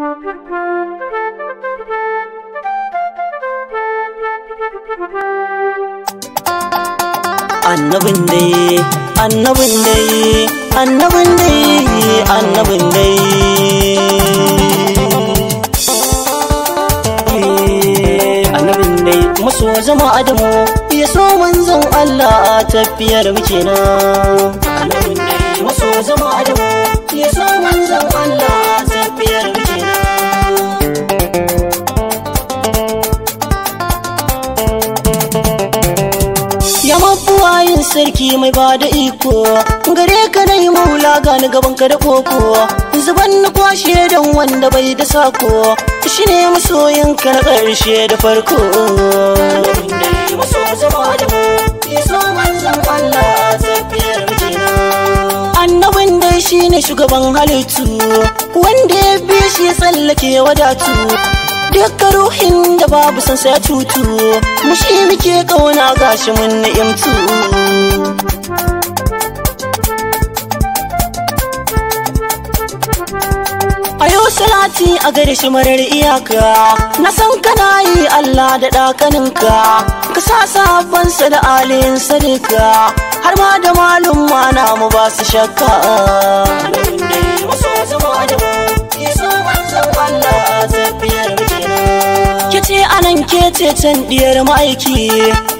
annabin dai annabin dai annabin dai annabin dai annabin dai maso zama adamu ya so manzon Allah a tafiyar muke na annabin dai maso zama adamu sarki mai ba da iko gare ka na yi maula gani gaban ka da koko zuban na kwashe don wanda bai da sako shi ne masoyin ka na ƙarshe da farko annabin dai shi ne shugaban halittu wanda ya bi shi ya tsallake wadatu duka ruhin da babu san sai tutu mu shi muke kauna gashi mun ni'imtu Ayo salati a gare shi marar iyaka na san kana yi Allah da ɗakaninka ka sa safansa da alinsa duka har ma da malum na mu ba su shakka Amin dai wasu da mu, Allah san ke ce can diyar ma'aiki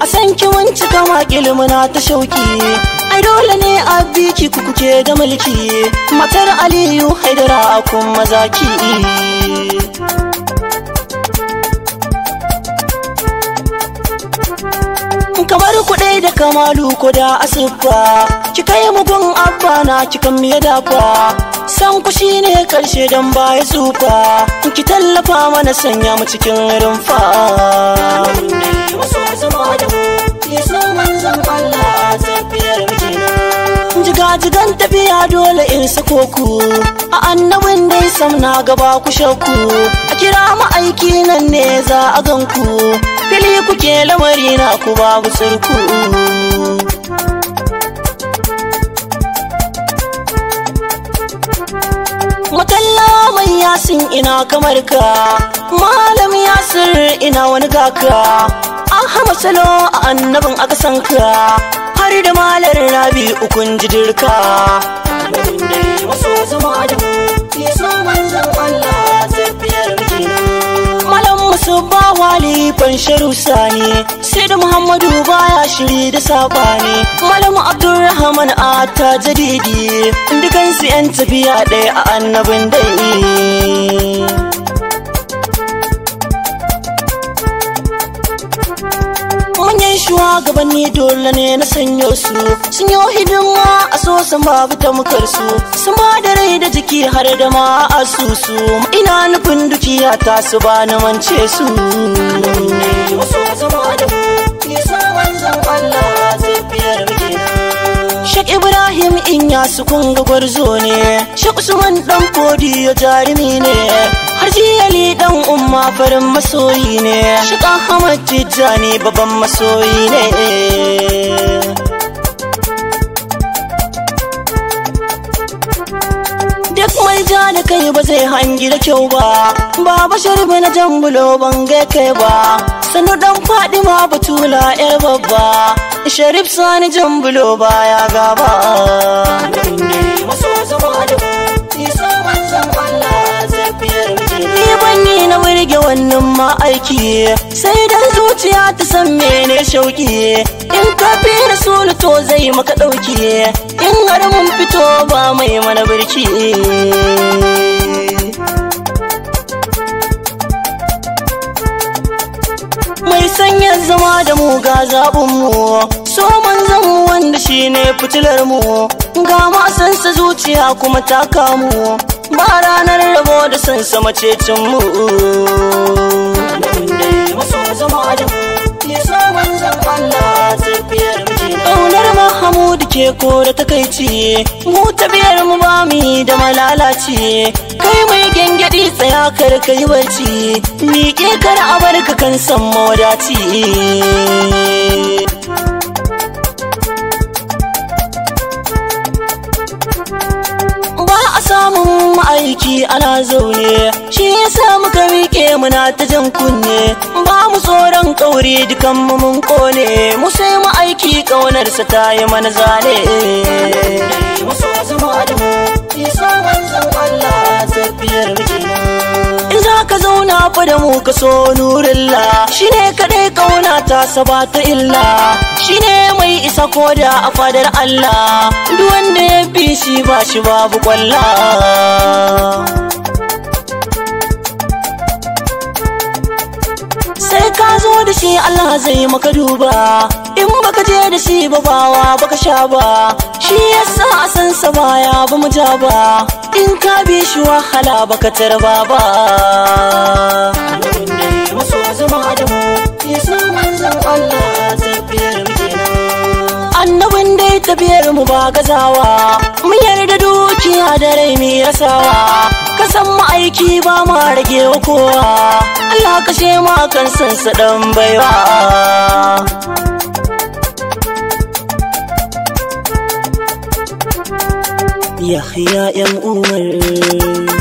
a san ki wanci kama na ta shauki ai dole ne a biki ku kuke da mulki matar aliyu haidara a kun maza ki kamar kuɗai da kamalu ko da asibba ki kai mugun abba na cikin miya dafa san ku ne karshe dan baya tsufa ki tallafa mana sanya mu cikin rumfa jigajigan tafiya dole in sako ku a annabin dai sam na gaba ku shakku a kira aiki nan ne za a ganku fili kuke lamari na ku babu surku Mutalla mai yasin ina kamar ka Malam Yasir ina wani gaka Ahmad Salo a annabin aka san ka Har da malar rabi ukun jidirka Malam Musu ba wali ban sharusa ne Sai da Muhammadu ba da sabani Malamu Abdulrahman ata ta jadidi Dukansu 'yan tafiya ɗaya a annabin dai shugabanni dole ne na sanyo su sun yi hidima a so san babu bi su su ma da rai da jiki har da ma asusu ina nufin dukiya ta su ba na mance su wasu zama da mu nisan wanzan Allah zai fiyar Shek Ibrahim in ya su kunga gwarzo ne Shek Usman dan kodi ya jarumi ne Har jiyali dan umma farin masoyi ne Shek Ahmad Tijjani babban masoyi ne ja da kai ba zai hangi da kyau ba Baba ba na jambulo ban ga kai ba Sanu dan fadima batula yar babba sharif sani jan bulo baya gaba yi na wannan ma aiki sai dan zuciya ta san mene shauki in ka fi rasul to zai maka dauki in har mun fito ba mai mana birki hanyar zama da mu ga zaɓinmu so zan mu wanda shi ne fitilar mu ga masansa zuciya kuma ta kamu ba ranar rabo da san sama cecin mu Ƙaunar Mahamudu ke kora takaici mu ta biyar rami da malalaci kai mai gyangyaɗi tsaya kar kai barci miƙe kar a barka kan san a samun ma'aiki ana zaune shi yasa muka miƙe muna ta jan kunne ba mu tsoron ƙauri dukan mu mun kone mu sai mu ƙaunarsa ta yi mana zane ka zauna fa da mu ka so nurilla shine kadai kauna ta saba ta illa shine mai isa koda a fadar Allah duk wanda ya bi shi ba shi babu kwalla da shi Allah zai maka duba in baka je da shi ba bawa baka sha ba shi yasa a san sa baya ba mu ja ba in ka bi shi wahala baka tarba ba maso zama adamu tafiyar mu mu ba gazawa mu yarda dukiya da rai mi rasawa ka san ma'aiki ba ma rage wa kowa Allah kashe ma kan san sa dan baiwa Yahya yan Umar